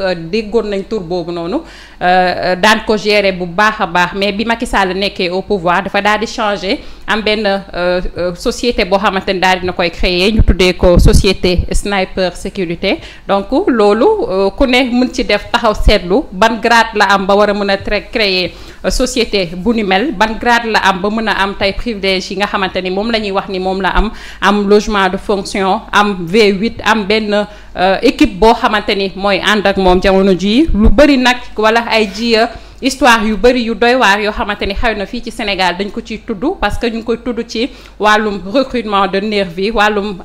Euh, déggoon nañ tur boobu noonu euh, euh, daan ko gérer bu baax a baax mais bi Macky Sall nekkee au pouvoir dafa daal di changer am benn société boo xamante ni daal dina koy créer ñu tuddee ko société sniper sécurité donc loolu ku ne mën ci def taxaw seetlu ban grade la am ba war a mën a créer société bu ni mel ban grade la am ba mën a am tey privilège yi nga xamante ni moom la ñuy wax ni moom la am am logement de fonction am V8 am benn euh, équipe boo xamante ni mooy ànd ak moom jamono jii lu bëri nag wala ay jiya histoire yu bëri yu doy waar yoo xamante ni xew na fii ci Sénégal dañ ko ciy tudd parce que ñu ngi koy tudd ci wàllum recrutement de nervi wàllum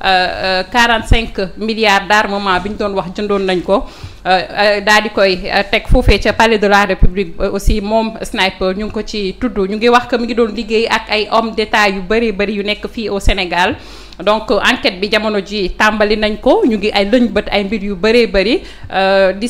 45 euh, euh, milliards d'armement bi ñu doon wax jëndoon nañ ko Euh, euh, daal di koy euh, teg foofee ca palais de la république aussi moom sniper ñu ngi ko ci tudd ñu ngi wax que mi ngi doon liggéey ak ay hommes d'état yu bari bari yu nekk fii au Sénégal. donc enquête bi jamono ji tàmbali nañ ko ñu ngi ay lëñ bët ay mbir yu bëree bëri di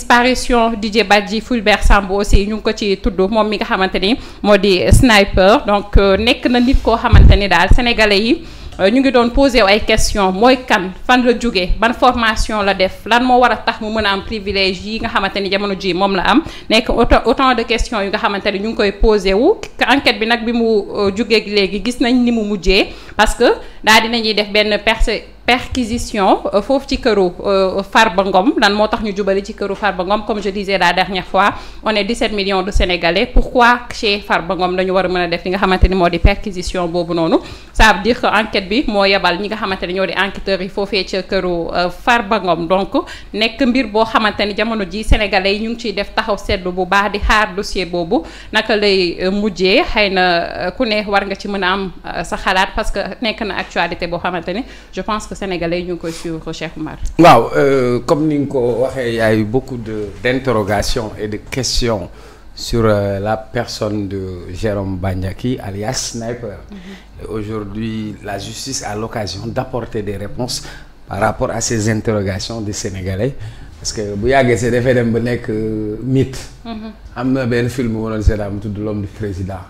Didier ji Fulbert Sambou aussi ñu ngi ko ci tudd moom mi nga xamante ni moo di sniper donc nekk na nit koo xamante ni daal sénégalais yi. Euh, ñu ngi doon posé ay question mooy kan fan la jógee ban formation la def lan moo war a tax mu mën a am privilège yi nga xamante ni jamono ji moom la am nekk autant de question yi nga xamante ni ñu ngi koy posé wu enquête bi nag bi mu euh, jógee léegi gis nañ ni mu mujjee parce que daal dinañuy def benn percée perquisition euh, foofu ci këru far euh, Farba Ngom dan moo tax ñu jubali ci këru far Farba Ngom comme je disais la dernière fois on est 17 millions de Sénégalais pourquoi chez Farba Ngom dañu war a mën a def li nga xamante ni moo di perquisition boobu noonu ça veut dire que enquête bi moo yebal ñi nga xamante ni ñoo di enquêteurs yi foofee ca këru euh, ba Ngom donc nekk mbir boo xamante ni jamono ji Sénégalais yi ñu ngi ciy def taxaw seetlu bu baax di xaar dossier boobu naka lay mujjee xëy na ku ne war nga ci mën a am sa xalaat parce que nekk na actualité boo xamante ni je pense que sénégalais ñu ngi koy suivre Cheikh Oumar. waaw euh, comme ni nga ko waxee y a beaucoup de d'interrogations et de questions sur euh, la personne de Jérôme Bandiaki alias Sniper. Mm-hmm. Aujourd'hui, la justice a l'occasion d'apporter des réponses par rapport à ces interrogations des Sénégalais parce que bu yàggee see dafay dem ba nekk euh, mythe. Mm-hmm. am na benn film bu ma doon seetaan mu tudd l'homme du président.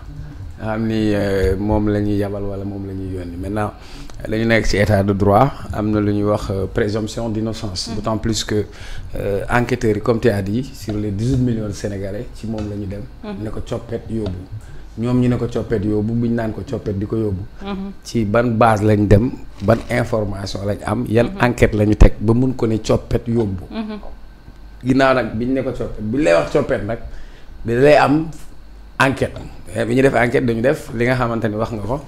nga moom la ñuy yabal wala moom la ñuy yónni maintenant. la ñu nekk ci état de droit am na lu ñuy wax euh, présomption d'innocence mm. d'autant plus que euh, yi comme tu as sur les dix-huit millions de sénégalais ci moom la ñu dem mm. ne ko coppet yóbbu ñoom ñu ne ko coppet yóbbu bu ñu naan ko coppet di ko yóbbu mm-hmm. ci ban base lañ dem ban information lañ am yan mm-hmm. enquête la ñu teg ba mun ko ne coppet yóbbu mm-hmm. ginnaaw nag biñ ne ko coppet buñ lay wax coppet nag da lay am enquête eh, bi ñu def enquête dañu def li nga xamante ni wax nga ko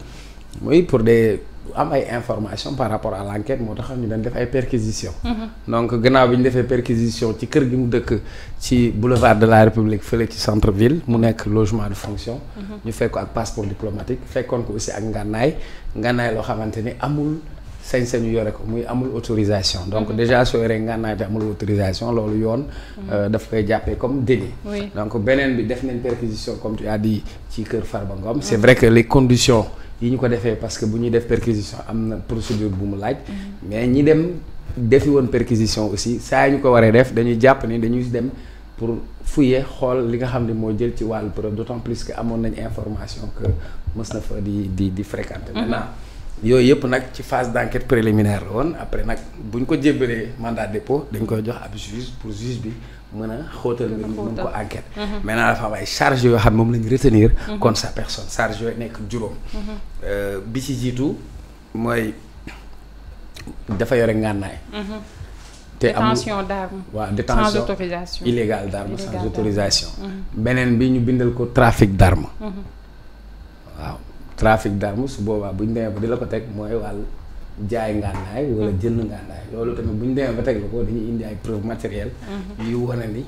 oui pour des am ay information par rapport a l'enquête moo tax ñu doon def ay perquisition mm-hmm. donc gannaaw bi ñu defee perquisition ci kër gi mu dëkk ci boulevard de la République fële ci centre ville mu nekk logement de fonction mm-hmm. ñu fekk ko ak passeport diplomatique fekkoon ko aussi ak ngànnaay ngànnaay loo xamante ni amul sañ-sañu yore ko muy amul autorisation donc mm-hmm. déjà soo yoree ngànnaay te amul autorisation loolu yoon euh, daf koy jàppee comme délit donc beneen bi def nañ perquisition comme ci kër Farba Ngom c'est que les conditions yi ñu ko defee parce que bu ñuy def perquisition am na procédure bu mu laaj mais ñi dem defi woon perquisition aussi saa ñu ko waree def dañuy jàpp ni dañuy dem pour fouiller xool li nga xam ne moo jël ci wàllu preuve d'autant plus que amoon nañu information que mës na fa di di di fréquenter mhm. naa yooyu yëpp nag ci phase d'enquête préliminaire la woon après nag bu ñu ko jébbalee mandat dépôt dañ koy jox ab juge pour juge bi mën a xóotal mbir mi mën ko enquête mhm. maintenant dafa am ay charge yoo xam moom la ñu retenir mhm. contre sa personne charge yooyu nekk juróom mhm. euh, bi ci jiitu mooy dafa yore ngànnaay te amul détention d'arme waaw sans autorisation beneen bi ñu bindal ko trafic d'arme waaw trafic d'arme su boobaa bu ñu ba di la ko teg mooy wàll jaay ngànnaay wala mm-hmm. jënd ngànnaay loolu tamit bu ñu demee ba teg la ko dañuy indi ay preuve matérielle mm-hmm. yu wane ni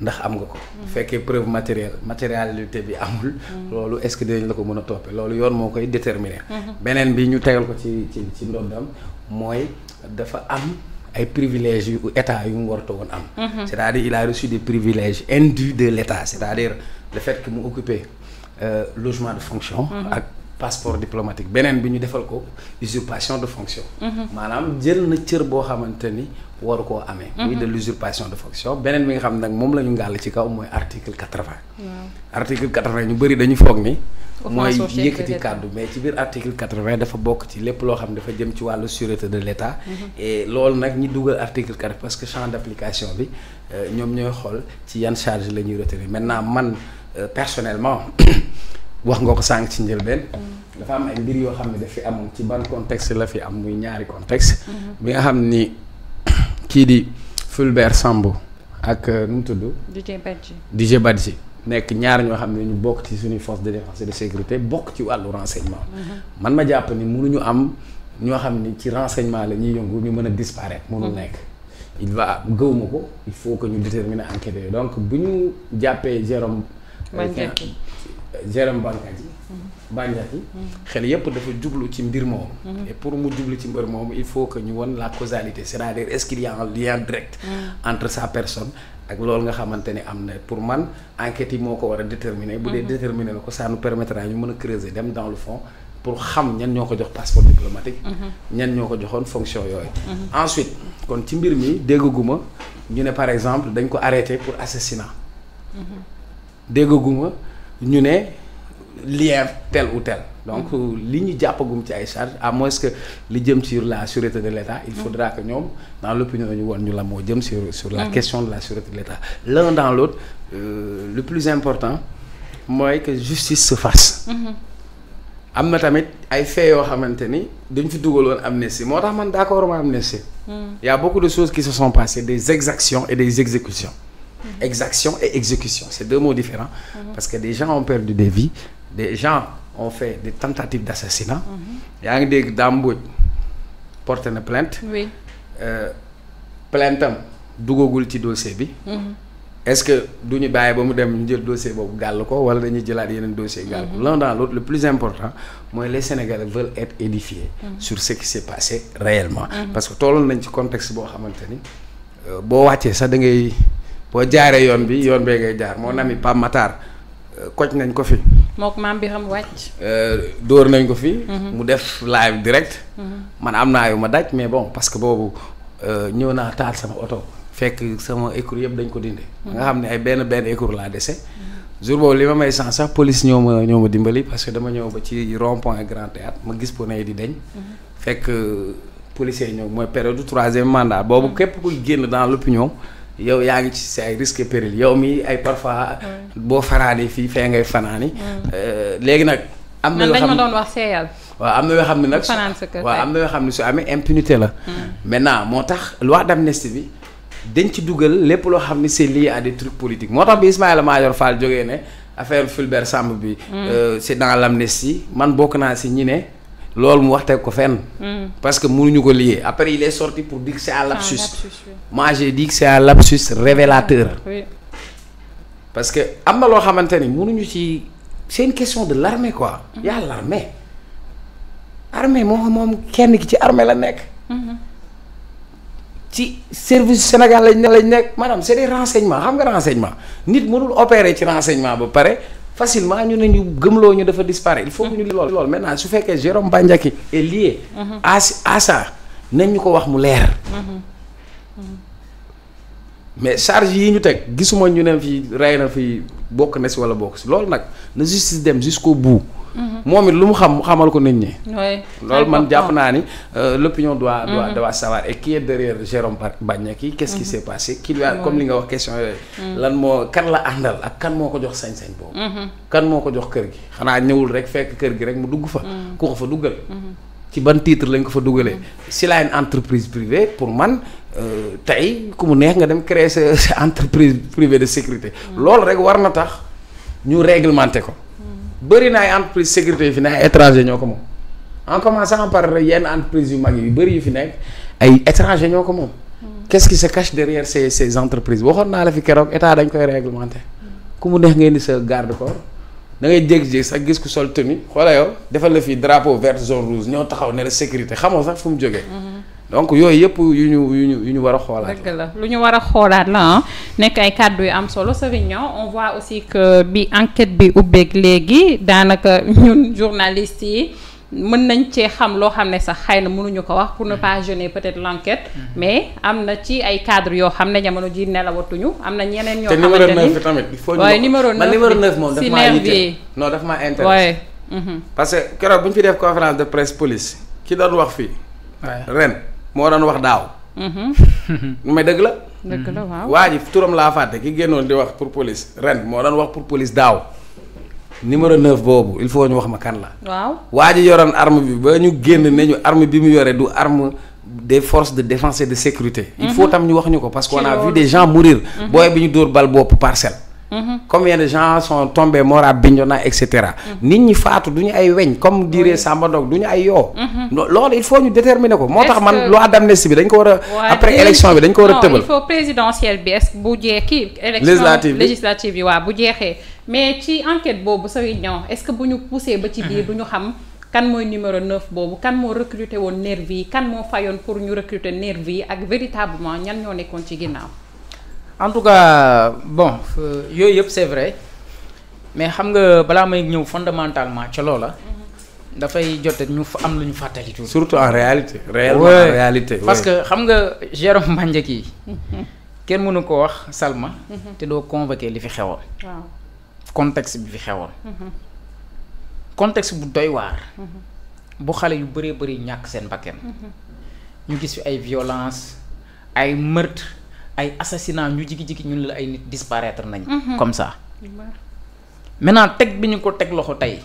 ndax am nga ko mm-hmm. bu fekkee preuve matérielle matérialité bi amul loolu est-ce que dinañ la ko mën a topp loolu yoon moo koy déterminer beneen bi ñu tegal ko ci ci ci ndoddam mooy dafa am ay privilèges yu état yu mu warta woon am c'est-à-dire il a reçu des privilèges indus de l'état c'est-à-dire le fait que mu occupé euh, logement de fonction ak passeport diplomatique beneen bi ñu defal ko usurpation de fonction. Mhm. maanaam jël na cër boo xamante ni waru koo amee. Mhm. muy de l' usurpation de fonction beneen bi nga xam nag moom la ñu ngàll ci kaw mooy article quatre vingt. article quatre vingt ñu bëri dañu foog ni. mooy yëkkati kàddu mais ci biir article quatre vingt dafa bokk ci lépp loo xam dafa jëm ci wàllu sûreté de l' état. Mhm. et loolu nag ñi dugal article quatre parce que champ d' application bi euh, ñoom ñooy xool ci yan charge la ñuy retenir maintenant man euh, personnellement. wax nga ko sànq ci njëlbeen. Mm. dafa am ay mbir yoo xam ne daf fi am ci ban contexte la fi am muy ñaari contexte. Mm-hmm. bi nga xam ni kii di Fulbert Sambou ak euh, nu mu tudd. DJ Badji DJ Badji nekk ñaar ñoo xam ne ñu bokk ci suñuy force de défense et de sécurité bokk ci wàllu renseignement. Mm-hmm. man ma jàpp ni mënuñu am ñoo xam ni ci renseignement la ñuy yëngu ñu mën a disparaître. mënul mm-hmm. nekk il va gëwuma ko il faut que ñu déterminer enquête donc bu ñu jàppee Jérôme. Jérém Bankaji mm-hmm. Bandiaky mm-hmm. xel yépp dafa jublu ci mbir moomu mm-hmm. pour mu jublu ci mbir moom il faut que ñu won la causalité c'est-à-dire est-ce qu'il y lien direct entre sa personne ak loolu nga xamante ni am na pour man enquête yi moo ko war a déterminer bu dee déterminer na ko ça nous permettra ñu mën a creuser dem dans le fond pour xam ñan ñoo ko jox passeport diplomatique ñan ñoo ko joxoon fonction yooyu ensuite kon ci mbir mi déggaguma ñu ne par exemple dañ ko arrêté pour assassinat déggaguma ñu ne lien tel ou tel donc mm-hmm. li ñu jàppagum ci ay charge à moins que li jëm sur la sureté de l'État il mm-hmm. faudra que ñoom dans l'opinion ñu woon ñu la moo jëm sur sur la mm-hmm. question de la sûreté de l'État l'un dans l'autre euh, le plus important mooy que justice se fasse am na tamit ay faits yoo xamante ni dañ fi dugaloon amnistie moo tax man d'accord ma amnistie mm. y a beaucoup de choses qui se sont passées des exactions et des exécutions Mhm. Exaction et exécution, c'est deux mots différents. Mhm. Parce que des gens ont perdu des vies, des gens ont fait des tentatives d'assassinat. Mhm. yaa ngi dégg Dame Mbodj porté na plainte. oui euh, plainte am duggagul ci dossier bi. est-ce que du ñu bàyyi ba mu dem ñu jël dossier boobu gàll ko wala dañuy jëlaat yeneen dossier gàll ko. l'un dans l'autre le plus important mooy les Sénégalais veulent être édifiés. Mmh. sur ce qui s'est passé réellement. parce que tolloon nañ ci contexte boo xamante euh, boo wàccee boo jaaree yoon bi yoon bee ngay jaar moo nami Pape Matar euh, koj nañ ko fi. moo ko maam bi xam wàcc. Euh, dóor nañ ko fi. Mhm. mu def live direct. Mhm. man am naa yu ma daj mais bon parce que boobu euh, ñëw naa taal sama oto fekk sama écrou yëpp dañ ko dindi. Mhm. nga xam ne ay benn benn écrou laa dese. jour boobu li ma may sans sax police ñëw ma ñëw ma dimbali parce que dama ñëw ba ci rond point grand théâtre ma gis pneu yi di deñ fekk policiers yi ñëw mooy période du troisième mandat boobu képp kuy génn dans l'opinion yow yaa ngi ci si ay risque péril yow mi ay parfois. boo fanaani fii fee ngay fanaani mm. euh, léegi nag. am na yoo xam man wax seeyal. waaw am na yoo xam ne nag fanaan sa kër waaw am na yoo xam ne su amee impunité la. Mm. maintenant moo tax wax dem d'amnistie bi dañ ci dugal lépp loo xam ne c'est lii à des trucs moo tax bi Ismaïla Madior Fall jógee ne affaire Fulbert Samb bi. Mm. Euh, c'est dans l'amnistie man bokk naa si ñi ne. loolu mu wax ko fenn. Hmm. parce que mënuñu ko lier après il est sorti pour dire que c'est un ah, lapsus. moi j'ai dit que c'est un lapsus révélateur. Oui. parce que am na loo xamante ni mënuñu ci c'est une question de l'armée quoi. Hmm. y a l'armée armée moom moom kenn ki ci armée la nekk. Hmm. ci service Sénégal lañ ne lañ nekk maanaam c'est des renseignements xam nga renseignement nit mënul opérer ci renseignement ba pare. facilement ñu ne ñu gëmloo ñu dafa disparaître il faut ñu lool lool maintenant su fekkee Jérôme Bandiaky est lié à à ça nañ ñu ko wax mu leer mais charge yi ñu teg gisuma ñu ne fii rey na fii bokk na si wala bokk si loolu nag na justice dem jusqu'au bout Mm-hmm. moom it lu mu xam mu xamal ko nit ñi. loolu man jàpp naa ni euh, l'opinion doit mm-hmm. doit doit savoir et qui est derrière Jérôme Bandiaky qu'est-ce qui mm-hmm. s'est passé qui lui a comme li nga question yooyu. lan moo kan la àndal ak kan moo ko jox sañ-sañ boobu. kan moo ko jox kër gi xanaa ñëwul rek fekk kër gi rek mu dugg fa. ku ko fa duggal. ci ban titre lañ ko fa dugalee si la une entreprise privée pour man euh, tey ku mu neex nga dem créer sa entreprise privée de sécurité. loolu rek war na tax ñu réglementé ko. bëri na ay entreprise sécurité yu fi nekk ay étranger ñoo ko moom en commençant par yenn entreprise yu mag yu bëri yu fi nekk ay étranger ñoo ko moom hmm. qu'est-ce qui se cache derrière ces ces entreprises waxoon naa la fi keroog état dañ koy réglementer hmm. ku mu neex ngeen di sa garde corps da ngay jékki sa gis ku sol tenue xoola yow defal la fi drapeau vert on rouge ñoo taxaw ne la sécurité xamoo sax fu mu jógee hmm. donc yooyu yëpp yu ñu yu ñu yu ñu war a xoolaat. dëgg la lu ñu war a xoolaat la ah, nekk ay kàddu yu am solo Serigne on voit aussi que bi enquête bi ubbeeg léegi daanaka ñun journalistes yi. mën nañ cee xam loo xam ne sax xëy na mënuñu ko wax pour ne pas gêner peut-être l'enquête mm-hmm. mais am na ci ay cadre yoo xam ne jamono ji nelawatuñu am na ñeneen ñoo xamante ni te numéro 9 tamit il faut ñu numéro 9 man numéro 9 moom daf maa yitte non daf maa mm-hmm. parce que keroog bu ñu fi def conférence de presse police ki wax fii moo doon wax daaw. Mhm. mais dëgg la. dëgg la mhm. waaw waa ji turam laa fàtte ki génnoon di wax pour police ren moo doon wax pour police daaw. numéro 9 boobu il faut ñu wax ma kan la. waaw waa ji yoroon arme bi ba ñu génn ne arme bi mu yore du arme de forces de défense et de sécurité. il mhm. faut tam ñu wax ñu ko parce qu'on a vu des gens booy bi ñu dóor bal bopp parcelle. comme de gens sont tombés morts à Bignona et cetera. nit ñi faatu du ñu ay weñ comme dirait Samba Dog du ñu ay yoo. Mhm. loolu il faut ñu déterminer ko. moo tax man loi d'amnistie bi dañ ko war a. après élection bi dañ ko war a tëbal. il faut présidentielle bi est bu jeex kii. élection législative bi waaw bu jeexee. mais ci enquête boobu Serigne Niang est-ce que bu ñu poussé ba ci biir mhm. du ñu xam. kan mooy numéro 9 boobu kan moo recruter woon nervi yi kan moo fayoon pour ñu recruter nervi yi ak véritablement ñan ñoo nekkoon ci ginnaaw. en tout cas bon euh, yooyu yëpp c'est vrai mais xam nga balaa may ñëw fondamentalement ca la mhm. dafay jot ñu am lu ñu fàttali tuuti. surtout en réalité. réellement en réalité. parce que xam nga Jérôme Bandiaky yi kenn mënu ko wax Salma. Mhm. te doo convoquer li fi xewoon. waaw contexte bi fi xewoon. Mhm. contexte bu doy waar. bu xale yu bëree bëri ñàkk seen bakkan. ñu gis fi ay violence ay meurtre. ay assassinat ñu jigi-jigi ñu la ay nit disparaître nañ mm-hmm. comme ça mm-hmm. maintenant teg bi ñu ko teg loxo tey